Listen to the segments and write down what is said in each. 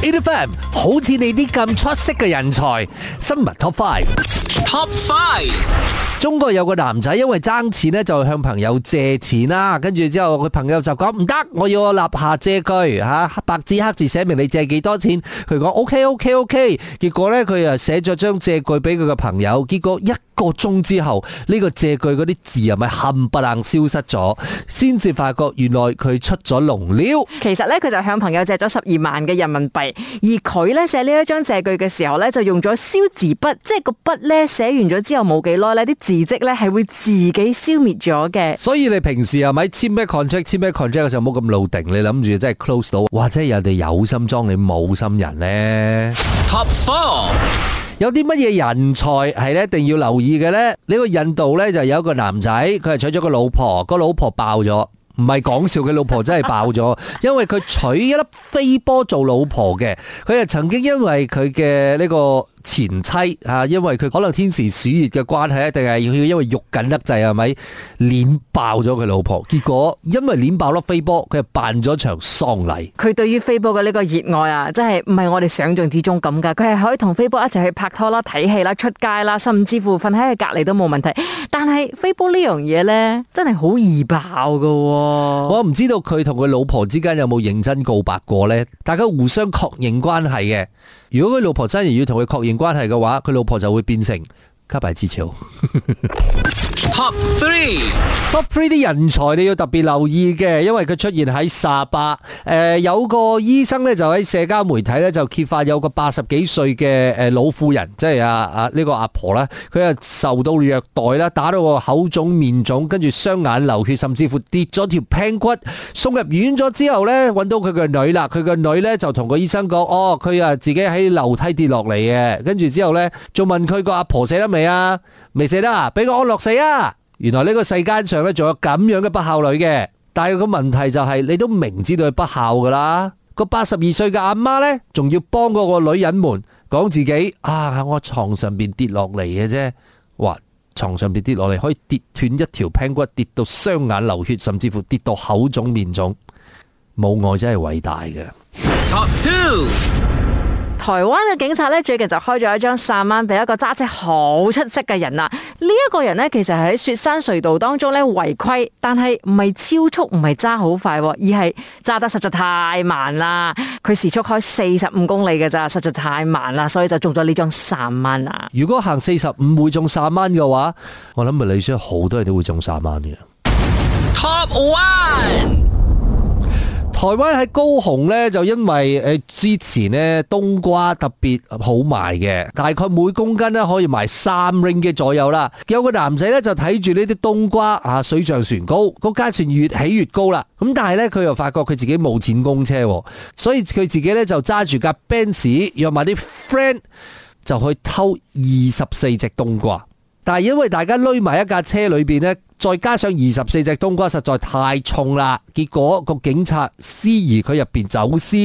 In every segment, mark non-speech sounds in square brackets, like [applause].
e i t f i v 好似你啲咁出色嘅人才，新聞 top five，top five。中國有個男仔因為爭錢咧，就向朋友借錢啦。跟住之後，佢朋友就講唔得，我要我立下借據吓，白紙黑字寫明你借幾多錢。佢講 OK, OK OK OK，結果咧，佢又寫咗張借據俾佢嘅朋友，結果一個鐘之後，呢個借據嗰啲字係咪冚唪唥消失咗，先至發覺原來佢出咗龍料。其實呢，佢就向朋友借咗十二萬嘅人民幣，而佢呢寫呢一張借據嘅時候呢，就用咗消字筆，即係個筆呢，寫完咗之後冇幾耐呢啲字跡呢，係會自己消滅咗嘅。所以你平時係咪簽咩 contract、簽咩 contract 嘅時候，冇咁老定，你諗住真係 close 到，或者人哋有心裝你冇心人呢？Top four。有啲乜嘢人才係一定要留意嘅呢？呢個印度呢，就有一個男仔，佢係娶咗個老婆，個老婆爆咗，唔係講笑，佢老婆真係爆咗，因為佢娶一粒飛波做老婆嘅，佢係曾經因為佢嘅呢個。前妻啊，因為佢可能天時暑熱嘅關係，定係要因為肉緊得滯係咪？碾爆咗佢老婆，結果因為碾爆粒飛波，佢係辦咗場喪禮。佢對於飛波嘅呢個熱愛啊，真係唔係我哋想象之中咁噶。佢係可以同飛波一齊去拍拖啦、睇戲啦、出街啦，甚至乎瞓喺佢隔籬都冇問題。但係飛波呢樣嘢呢，真係好易爆噶啊。我唔知道佢同佢老婆之間有冇認真告白過呢？大家互相確認關係嘅。如果佢老婆真係要同佢確認，關係嘅話，佢老婆就會變成卡牌之潮。 [laughs] Top three，Top three 啲人才你要特別留意嘅，因為佢出現喺沙巴。誒，有個醫生咧就喺社交媒體咧就揭發有個八十幾歲嘅誒老婦人，即係阿呢個阿婆啦，佢啊受到虐待啦，打到個口腫面腫，跟住雙眼流血，甚至乎跌咗條頸骨，送入院咗之後咧，揾到佢嘅女啦。佢個女咧就同個醫生講，哦，佢啊自己喺樓梯跌落嚟嘅。跟住之後咧，仲問佢個阿婆死得未啊？未死得啊，俾我安樂死啊！原來呢個世界上呢仲有咁樣嘅不孝女嘅。但係個問題就係，你都明知道佢不孝噶啦。個八十二歲嘅阿媽呢，仲要幫嗰個女隱瞞，講自己啊，我床上邊跌落嚟嘅啫。嘩，床上邊跌落嚟，可以跌斷一條膀骨，跌到雙眼流血，甚至乎跌到口腫面腫。母愛真係偉大嘅。Top 台灣嘅警察咧，最近就開咗一張三蚊，俾一個揸車好出色嘅人啦。呢一個人咧，其實喺雪山隧道當中呢，違規，但係唔係超速，唔係揸好快，而係揸得實在太慢啦。佢時速開四十五公里嘅咋，實在太慢啦，所以就中咗呢張三蚊啦。如果行四十五會中三蚊嘅話，我諗馬來西亞好多人都會中三蚊嘅。Top one。台灣喺高雄呢，就因為誒之前冬瓜特別好賣嘅，大概每公斤可以賣三 ring 嘅左右啦。有個男仔呢，就睇住呢啲冬瓜啊，水漲船高，個價錢越起越高啦。咁但係呢，佢又發覺佢自己冇錢供車，所以佢自己呢，就揸住架 Benz，約埋啲 friend 就去偷二十四隻冬瓜。但係因為大家攞埋一架車裏邊呢，再加上二十四隻冬瓜實在太重啦，結果個警察思疑佢入邊走私，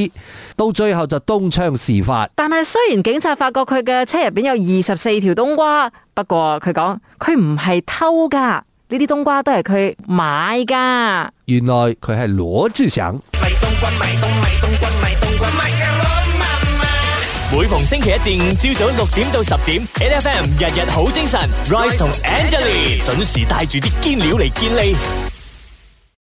到最後就東窗事發。但係雖然警察發覺佢嘅車入邊有二十四條冬瓜，不過佢講佢唔係偷噶，呢啲冬瓜都係佢買噶。原來佢係攞住祥。每逢星期一至五朝早六點到十點，N F M 日日好精神，Rise 同 Angelie 準時帶住啲堅料嚟見你。